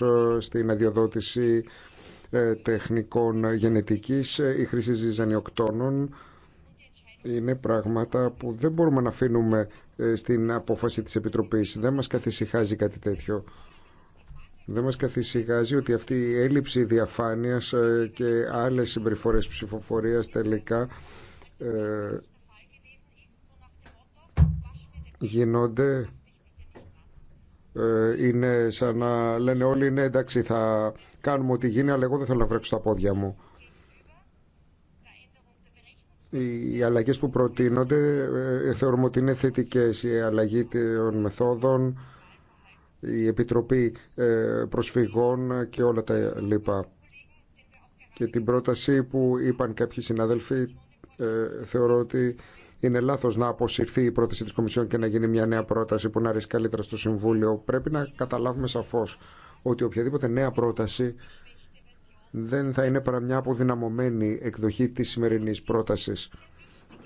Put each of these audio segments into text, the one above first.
Ε, στην αδειοδότηση ε, τεχνικών γενετικής, ε, η χρήση ζυζανιοκτώνων είναι πράγματα που δεν μπορούμε να αφήνουμε στην απόφαση της Επιτροπής. Δεν μας καθησυχάζει κάτι τέτοιο. Δεν μας καθησυχάζει ότι αυτή η έλλειψη διαφάνειας και άλλες συμπεριφορές ψηφοφορίας τελικά γίνονται ε, είναι σαν να λένε όλοι ναι εντάξει θα κάνουμε ό,τι γίνει αλλά εγώ δεν θέλω να βρέξω τα πόδια μου. Οι αλλαγέ που προτείνονται ε, θεωρούμε ότι είναι θετικέ. Η αλλαγή των μεθόδων, η Επιτροπή ε, Προσφυγών και όλα τα λοιπά. Και την πρόταση που είπαν κάποιοι συνάδελφοι θεωρώ ότι είναι λάθο να αποσυρθεί η πρόταση τη Κομισιόν και να γίνει μια νέα πρόταση που να αρέσει καλύτερα στο Συμβούλιο. Πρέπει να καταλάβουμε σαφώ ότι οποιαδήποτε νέα πρόταση δεν θα είναι παρά μια αποδυναμωμένη εκδοχή τη σημερινή πρόταση.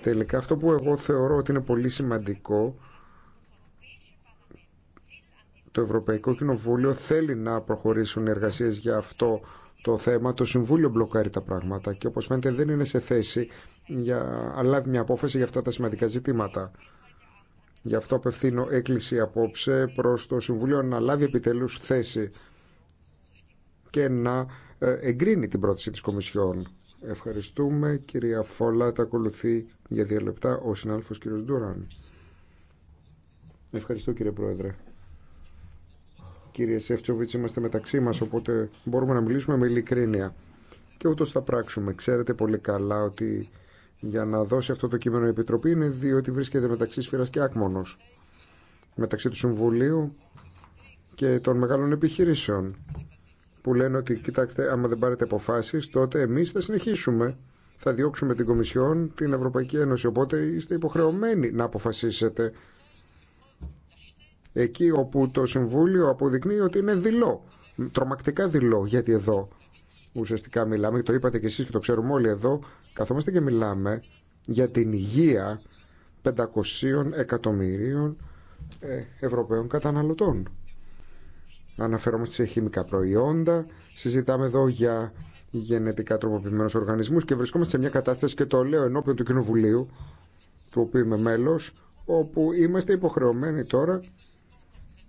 Τελικά αυτό που εγώ θεωρώ ότι είναι πολύ σημαντικό το Ευρωπαϊκό Κοινοβούλιο θέλει να προχωρήσουν οι εργασίες για αυτό το θέμα. Το Συμβούλιο μπλοκάρει τα πράγματα και όπως φαίνεται δεν είναι σε θέση για, να λάβει μια απόφαση για αυτά τα σημαντικά ζητήματα. Γι' αυτό απευθύνω έκκληση απόψε προς το Συμβουλίο να λάβει επιτελούς θέση και να ε, εγκρίνει την πρόταση της Κομισιόν. Ευχαριστούμε. Κυρία Φόλα, τα ακολουθεί για δύο λεπτά ο συνάδελφος κύριος Ντούραν. Ευχαριστώ κύριε Πρόεδρε. Κύριε Σεύτσοβιτς, είμαστε μεταξύ μας, οπότε μπορούμε να μιλήσουμε με ειλικρίνεια. Και ούτως θα πράξουμε. Ξέρετε πολύ καλά ότι για να δώσει αυτό το κείμενο η Επιτροπή είναι διότι βρίσκεται μεταξύ σφύρας και άκμονος μεταξύ του Συμβουλίου και των μεγάλων επιχειρήσεων που λένε ότι κοιτάξτε άμα δεν πάρετε αποφάσεις τότε εμείς θα συνεχίσουμε θα διώξουμε την Κομισιόν, την Ευρωπαϊκή Ένωση οπότε είστε υποχρεωμένοι να αποφασίσετε εκεί όπου το Συμβούλιο αποδεικνύει ότι είναι δειλό τρομακτικά δειλό γιατί εδώ ουσιαστικά μιλάμε, και το είπατε και εσείς και το ξέρουμε όλοι εδώ, καθόμαστε και μιλάμε για την υγεία 500 εκατομμυρίων ε, Ευρωπαίων καταναλωτών. Αναφέρομαστε σε χημικά προϊόντα, συζητάμε εδώ για γενετικά τροποποιημένους οργανισμούς και βρισκόμαστε σε μια κατάσταση και το λέω ενώπιον του Κοινοβουλίου, του οποίου είμαι μέλος, όπου είμαστε υποχρεωμένοι τώρα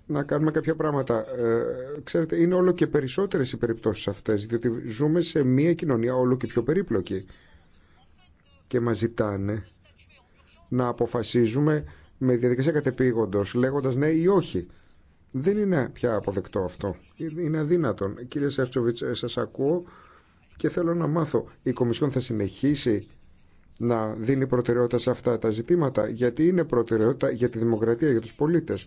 να κάνουμε κάποια πράγματα. Ε, ξέρετε, είναι όλο και περισσότερες οι περιπτώσεις αυτές, διότι ζούμε σε μια κοινωνία όλο και πιο περίπλοκη. Και μας ζητάνε να αποφασίζουμε με διαδικασία κατεπήγοντος, λέγοντας ναι ή όχι. Δεν είναι πια αποδεκτό αυτό. Είναι αδύνατον. Κύριε Σεύτσοβιτς, ε, σας ακούω και θέλω να μάθω. Η Κομισιόν θα συνεχίσει να δίνει προτεραιότητα σε αυτά τα ζητήματα, γιατί είναι προτεραιότητα για τη δημοκρατία, για τους πολίτες.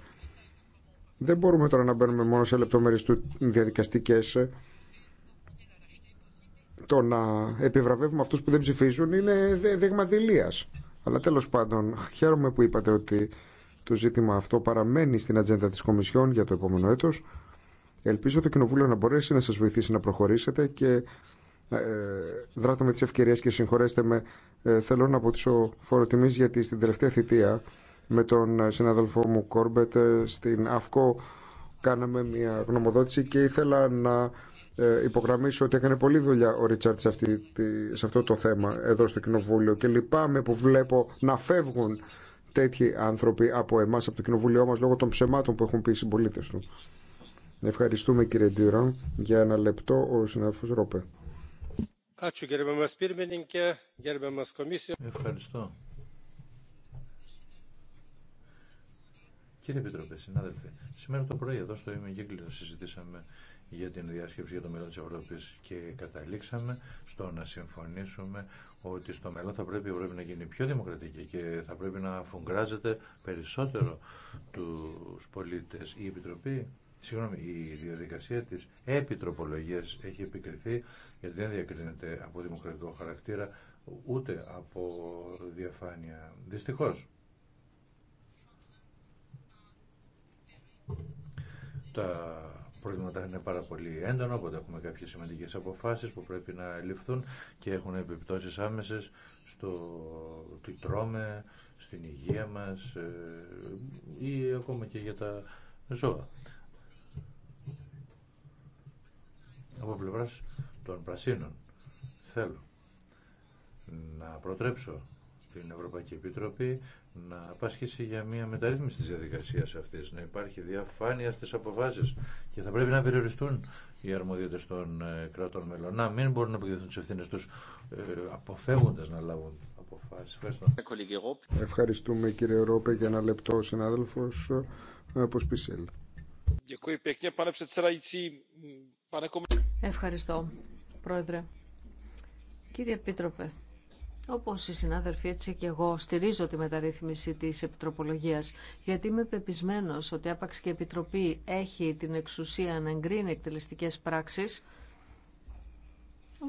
Δεν μπορούμε τώρα να μπαίνουμε μόνο σε λεπτομέρειες του διαδικαστικές. Το να επιβραβεύουμε αυτούς που δεν ψηφίζουν είναι δείγμα δηλίας. Αλλά τέλος πάντων, χαίρομαι που είπατε ότι το ζήτημα αυτό παραμένει στην ατζέντα της Κομισιόν για το επόμενο έτος. Ελπίζω το Κοινοβούλιο να μπορέσει να σας βοηθήσει να προχωρήσετε και ε, δράτω με τις ευκαιρίες και συγχωρέστε με, ε, θέλω να αποτύσω φοροτιμής γιατί στην τελευταία θητεία με τον ε, συναδελφό μου Κόρμπετ ε, στην ΑΦΚΟ κάναμε μια γνωμοδότηση και ήθελα να ε, υπογραμμίσω ότι έκανε πολλή δουλειά ο Ρίτσαρτ σε, σε αυτό το θέμα εδώ στο Κοινοβούλιο και λυπάμαι που βλέπω να φεύγουν τέτοιοι άνθρωποι από εμάς, από το Κοινοβούλιο μας λόγω των ψεμάτων που έχουν πει οι συμπολίτε του. Ευχαριστούμε κύριε Ντύρα. Για ένα λεπτό ο συνάδελφος Ρόπε. Ευχαριστώ. Κύριε Επιτροπέ, συνάδελφοι, σήμερα το πρωί εδώ στο ημικύκλιο συζητήσαμε για την διάσκεψη για το μέλλον της Ευρώπης και καταλήξαμε στο να συμφωνήσουμε ότι στο μέλλον θα πρέπει η Ευρώπη να γίνει πιο δημοκρατική και θα πρέπει να αφουγκράζεται περισσότερο τους πολίτες. Η Επιτροπή Συγγνώμη, η διαδικασία της επιτροπολογίας έχει επικριθεί γιατί δεν διακρίνεται από δημοκρατικό χαρακτήρα ούτε από διαφάνεια. Δυστυχώς. τα προβλήματα είναι πάρα πολύ έντονα, οπότε έχουμε κάποιες σημαντικές αποφάσεις που πρέπει να ληφθούν και έχουν επιπτώσεις άμεσες στο τι τρώμε, στην υγεία μας ε, ή ακόμα και για τα ζώα. Από πλευράς των πρασίνων θέλω να προτρέψω την Ευρωπαϊκή Επιτροπή να απασχίσει για μια μεταρρύθμιση τη διαδικασία αυτή. να υπάρχει διαφάνεια στις αποφάσεις και θα πρέπει να περιοριστούν οι αρμοδιότητες των ε, κρατών μελών. Να μην μπορούν να τι τις ευθύνες τους ε, αποφεύγοντα να λάβουν αποφάσεις. Ευχαριστώ. Ευχαριστούμε κύριε Ρόπε για ένα λεπτό ο συνάδελφος ε, από Σπισέλ. Ευχαριστώ, Πρόεδρε. Κύριε Επίτροπε, όπως οι συνάδελφοι έτσι και εγώ στηρίζω τη μεταρρύθμιση της επιτροπολογίας γιατί είμαι πεπισμένος ότι άπαξ και η Επιτροπή έχει την εξουσία να εγκρίνει εκτελεστικές πράξεις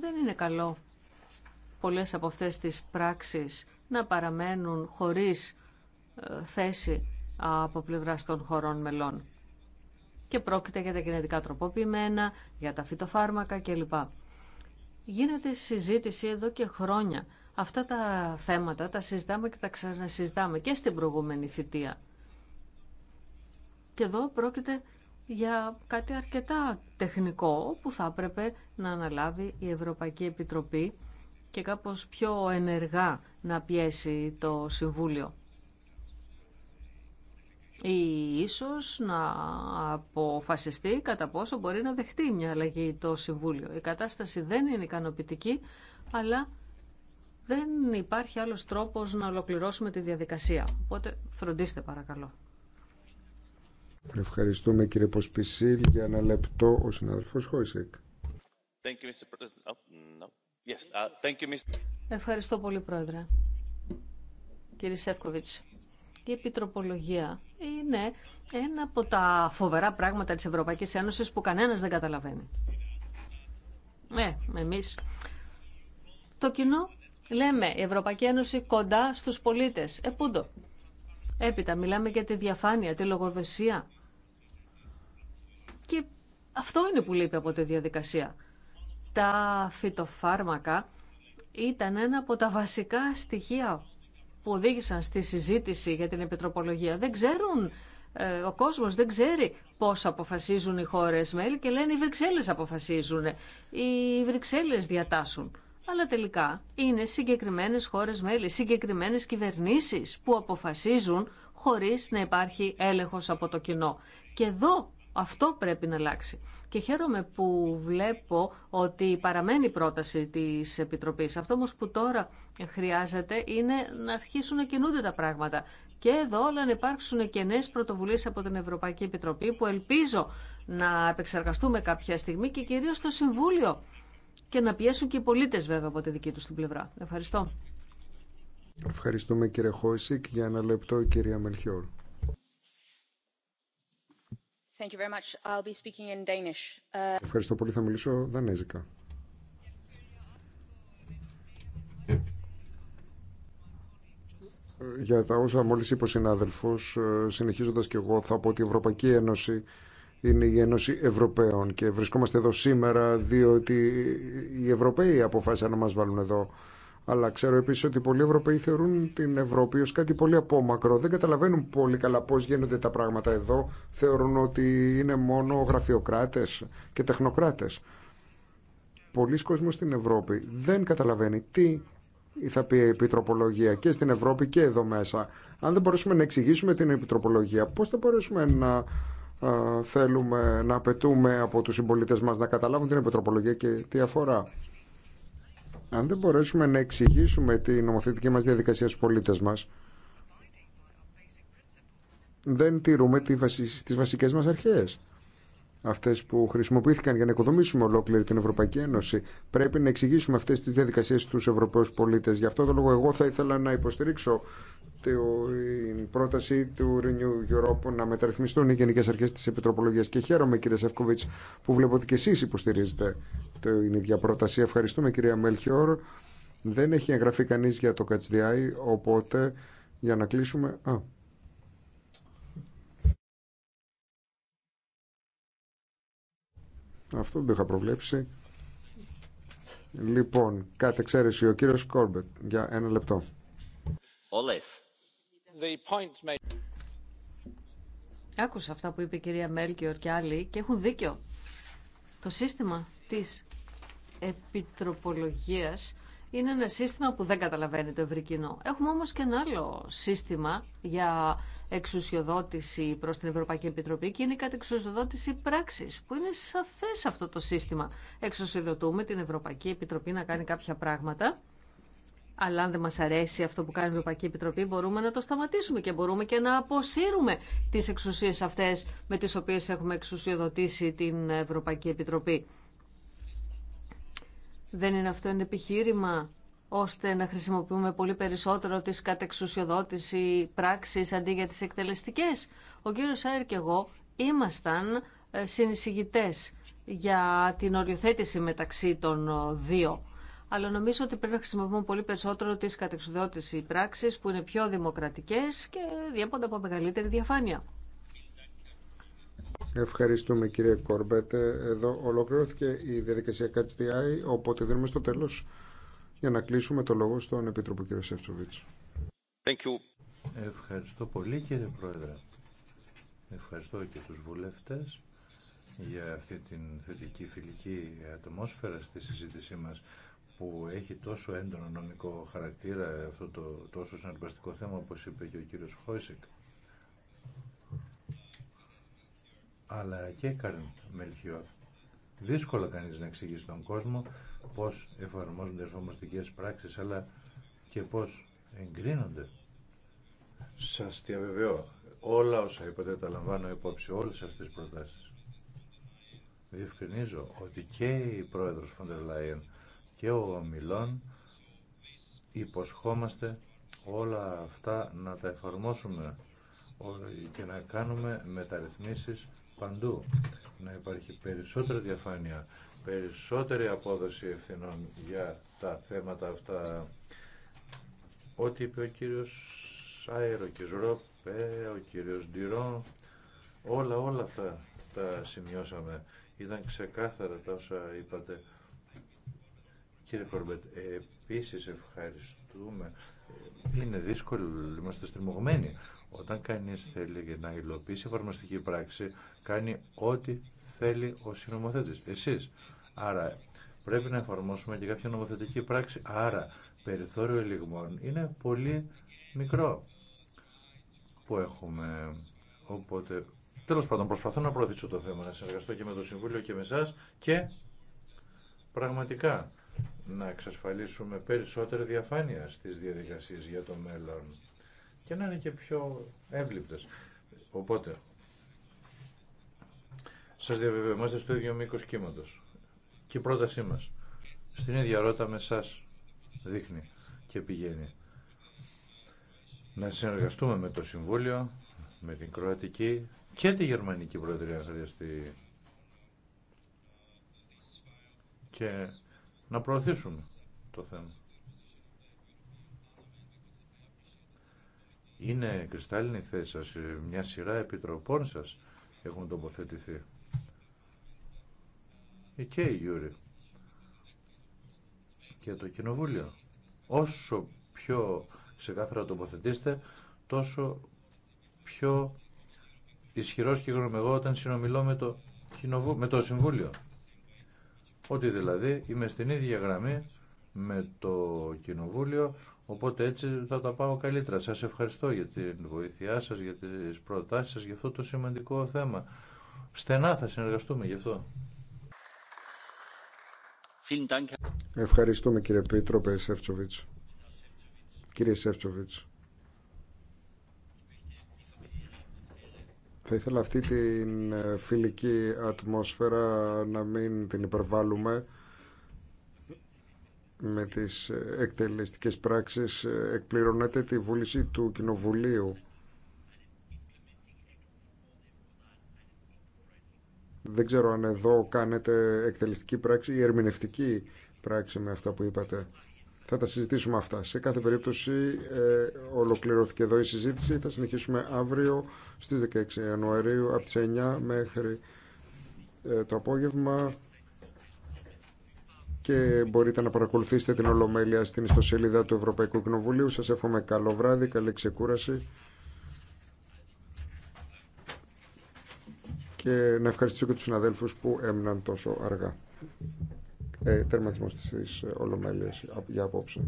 δεν είναι καλό πολλές από αυτές τις πράξεις να παραμένουν χωρίς ε, θέση από πλευρά των χωρών μελών. Και πρόκειται για τα γενετικά τροποποιημένα, για τα φυτοφάρμακα κλπ. Γίνεται συζήτηση εδώ και χρόνια Αυτά τα θέματα τα συζητάμε και τα ξανασυζητάμε και στην προηγούμενη θητεία. Και εδώ πρόκειται για κάτι αρκετά τεχνικό που θα έπρεπε να αναλάβει η Ευρωπαϊκή Επιτροπή και κάπως πιο ενεργά να πιέσει το Συμβούλιο. Ή ίσως να αποφασιστεί κατά πόσο μπορεί να δεχτεί μια αλλαγή το Συμβούλιο. Η κατάσταση δεν είναι ικανοποιητική, αλλά δεν υπάρχει άλλος τρόπος να ολοκληρώσουμε τη διαδικασία. Οπότε φροντίστε παρακαλώ. Ευχαριστούμε κύριε Ποσπισίλ για ένα λεπτό ο συνάδελφος Χόισεκ. Ευχαριστώ πολύ πρόεδρε. Κύριε Σεύκοβιτς, η επιτροπολογία είναι ένα από τα φοβερά πράγματα της Ευρωπαϊκής Ένωσης που κανένας δεν καταλαβαίνει. Ναι, εμείς. Το κοινό Λέμε η Ευρωπαϊκή Ένωση κοντά στους πολίτες. Ε, Έπειτα μιλάμε για τη διαφάνεια, τη λογοδοσία. Και αυτό είναι που λείπει από τη διαδικασία. Τα φυτοφάρμακα ήταν ένα από τα βασικά στοιχεία που οδήγησαν στη συζήτηση για την επιτροπολογία. Δεν ξέρουν, ε, ο κόσμος δεν ξέρει πώς αποφασίζουν οι χώρες μέλη και λένε οι Βρυξέλλες αποφασίζουν, οι Βρυξέλλες διατάσσουν αλλά τελικά είναι συγκεκριμένες χώρες μέλη, συγκεκριμένες κυβερνήσεις που αποφασίζουν χωρίς να υπάρχει έλεγχος από το κοινό. Και εδώ αυτό πρέπει να αλλάξει. Και χαίρομαι που βλέπω ότι παραμένει η πρόταση της Επιτροπής. Αυτό όμως που τώρα χρειάζεται είναι να αρχίσουν να κινούνται τα πράγματα. Και εδώ όλα να υπάρξουν και νέε πρωτοβουλίες από την Ευρωπαϊκή Επιτροπή που ελπίζω να επεξεργαστούμε κάποια στιγμή και κυρίως το Συμβούλιο και να πιέσουν και οι πολίτες βέβαια από τη δική τους την πλευρά. Ευχαριστώ. Ευχαριστούμε κύριε Χόισικ. Για ένα λεπτό η κυρία Μελχιόρ. Thank you very much. I'll be speaking in Danish. Uh, Ευχαριστώ πολύ. Θα μιλήσω δανέζικα. Ε, για τα όσα μόλις είπε ο συνάδελφος, ε, συνεχίζοντας και εγώ, θα πω ότι η Ευρωπαϊκή Ένωση είναι η Ένωση Ευρωπαίων και βρισκόμαστε εδώ σήμερα διότι οι Ευρωπαίοι αποφάσισαν να μας βάλουν εδώ. Αλλά ξέρω επίσης ότι πολλοί Ευρωπαίοι θεωρούν την Ευρώπη ως κάτι πολύ απόμακρο. Δεν καταλαβαίνουν πολύ καλά πώς γίνονται τα πράγματα εδώ. Θεωρούν ότι είναι μόνο γραφειοκράτες και τεχνοκράτες. Πολλοί κόσμοι στην Ευρώπη δεν καταλαβαίνει τι θα πει η επιτροπολογία και στην Ευρώπη και εδώ μέσα. Αν δεν μπορέσουμε να εξηγήσουμε την επιτροπολογία, πώς θα μπορέσουμε να θέλουμε να απαιτούμε από τους συμπολίτε μας να καταλάβουν την επιτροπολογία και τι αφορά. Αν δεν μπορέσουμε να εξηγήσουμε την νομοθετική μας διαδικασία στους πολίτες μας, δεν τηρούμε τις βασικές μας αρχές αυτέ που χρησιμοποιήθηκαν για να οικοδομήσουμε ολόκληρη την Ευρωπαϊκή Ένωση. Πρέπει να εξηγήσουμε αυτέ τι διαδικασίε στου Ευρωπαίου πολίτε. Γι' αυτό το λόγο, εγώ θα ήθελα να υποστηρίξω την πρόταση του Renew Europe να μεταρρυθμιστούν οι Γενικέ Αρχέ τη Επιτροπολογία. Και χαίρομαι, κύριε Σεφκοβίτ, που βλέπω ότι και εσεί υποστηρίζετε την ίδια πρόταση. Ευχαριστούμε, κυρία Μέλχιορ. Δεν έχει εγγραφεί κανεί για το Eye, οπότε για να κλείσουμε. Α. Αυτό δεν το είχα προβλέψει. Λοιπόν, κάτι εξαίρεση ο κύριος Κόρμπετ για ένα λεπτό. Όλες. Άκουσα αυτά που είπε η κυρία Μέλκιορ και άλλοι και έχουν δίκιο. Το σύστημα της επιτροπολογίας είναι ένα σύστημα που δεν καταλαβαίνει το ευρύ κοινό. Έχουμε όμως και ένα άλλο σύστημα για εξουσιοδότηση προς την Ευρωπαϊκή Επιτροπή και είναι κατά εξουσιοδότηση πράξης, που είναι σαφές αυτό το σύστημα. Εξουσιοδοτούμε την Ευρωπαϊκή Επιτροπή να κάνει κάποια πράγματα, αλλά αν δεν μας αρέσει αυτό που κάνει η Ευρωπαϊκή Επιτροπή μπορούμε να το σταματήσουμε και μπορούμε και να αποσύρουμε τις εξουσίες αυτές με τις οποίες έχουμε εξουσιοδοτήσει την Ευρωπαϊκή Επιτροπή. Δεν είναι αυτό ένα επιχείρημα ώστε να χρησιμοποιούμε πολύ περισσότερο τις κατεξουσιοδότηση πράξεις αντί για τις εκτελεστικές. Ο κύριος Σάιρ και εγώ ήμασταν ε, συνεισηγητές για την οριοθέτηση μεταξύ των ε, δύο. Αλλά νομίζω ότι πρέπει να χρησιμοποιούμε πολύ περισσότερο τις κατεξουδότηση πράξεις που είναι πιο δημοκρατικές και διέπονται από μεγαλύτερη διαφάνεια. Ευχαριστούμε κύριε Κόρμπετ. Ε, εδώ ολοκληρώθηκε η διαδικασία CatchDI, οπότε δίνουμε στο τέλος για να κλείσουμε το λόγο στον Επίτροπο κ. Σεύτσοβιτς. Ευχαριστώ πολύ κύριε Πρόεδρε. Ευχαριστώ και τους βουλευτές για αυτή την θετική φιλική ατμόσφαιρα στη συζήτησή μας που έχει τόσο έντονο νομικό χαρακτήρα αυτό το τόσο συναρπαστικό θέμα όπως είπε και ο κύριος Χόισεκ αλλά και Κάρν Μελχιώτη δύσκολα κανείς να εξηγήσει τον κόσμο πώς εφαρμόζονται εφαρμοστικές πράξεις αλλά και πώς εγκρίνονται. Σας διαβεβαιώ, όλα όσα είπατε τα λαμβάνω υπόψη, όλες αυτές τις προτάσεις. Διευκρινίζω ότι και η πρόεδρος Φοντερ Λάιεν και ο Μιλών υποσχόμαστε όλα αυτά να τα εφαρμόσουμε και να κάνουμε μεταρρυθμίσεις παντού. Να υπάρχει περισσότερη διαφάνεια, περισσότερη απόδοση ευθυνών για τα θέματα αυτά. Ό,τι είπε ο κύριος Σάιρο, ο κύριος Ροπέ, ο κύριος Ντυρό, όλα όλα αυτά τα σημειώσαμε. Ήταν ξεκάθαρα τα όσα είπατε. Κύριε Κορμπέτ, επίση ευχαριστούμε. Ε, είναι δύσκολο, είμαστε στριμωγμένοι. Όταν κανεί θέλει να υλοποιήσει εφαρμοστική πράξη, κάνει ό,τι θέλει ο συνωμοθέτη. Εσεί. Άρα πρέπει να εφαρμόσουμε και κάποια νομοθετική πράξη. Άρα περιθώριο ελιγμών είναι πολύ μικρό που έχουμε. Οπότε, τέλος πάντων, προσπαθώ να προωθήσω το θέμα, να συνεργαστώ και με το Συμβούλιο και με εσά και πραγματικά να εξασφαλίσουμε περισσότερη διαφάνεια στις διαδικασίες για το μέλλον και να είναι και πιο εύληπτες. Οπότε, σας διαβεβαιωμάστε στο ίδιο μήκος κύματος. Και η πρότασή μας, στην ίδια ρότα με σας δείχνει και πηγαίνει. Να συνεργαστούμε με το Συμβούλιο, με την Κροατική και τη Γερμανική Προεδρία, αν χρειαστεί. Και να προωθήσουμε το θέμα. Είναι κρυστάλλινη θέση σας, ε, μια σειρά επιτροπών σας έχουν τοποθετηθεί. Ε, και η Γιούρη και το Κοινοβούλιο. Όσο πιο ξεκάθαρα τοποθετήσετε, τόσο πιο ισχυρός και γνωμεγό όταν συνομιλώ με το, με το Συμβούλιο ότι δηλαδή είμαι στην ίδια γραμμή με το Κοινοβούλιο, οπότε έτσι θα τα πάω καλύτερα. Σας ευχαριστώ για την βοήθειά σας, για τις προτάσεις σας, για αυτό το σημαντικό θέμα. Στενά θα συνεργαστούμε γι' αυτό. Ευχαριστούμε κύριε Πίτροπε Σεύτσοβιτς. Κύριε Σεύτσοβιτς. Θα ήθελα αυτή την ε, φιλική ατμόσφαιρα να μην την υπερβάλλουμε με τις ε, εκτελεστικές πράξεις ε, εκπληρώνεται τη βούληση του Κοινοβουλίου. Δεν ξέρω αν εδώ κάνετε εκτελεστική πράξη ή ερμηνευτική πράξη με αυτά που είπατε. Θα τα συζητήσουμε αυτά. Σε κάθε περίπτωση ε, ολοκληρώθηκε εδώ η συζήτηση. Θα συνεχίσουμε αύριο στις 16 Ιανουαρίου από τις 9 μέχρι ε, το απόγευμα και μπορείτε να παρακολουθήσετε την Ολομέλεια στην ιστοσελίδα του Ευρωπαϊκού Κοινοβουλίου. Σας εύχομαι καλό βράδυ, καλή ξεκούραση και να ευχαριστήσω και τους συναδέλφους που έμειναν τόσο αργά. Ε, τερματισμός της ε, Ολομέλειας για απόψε.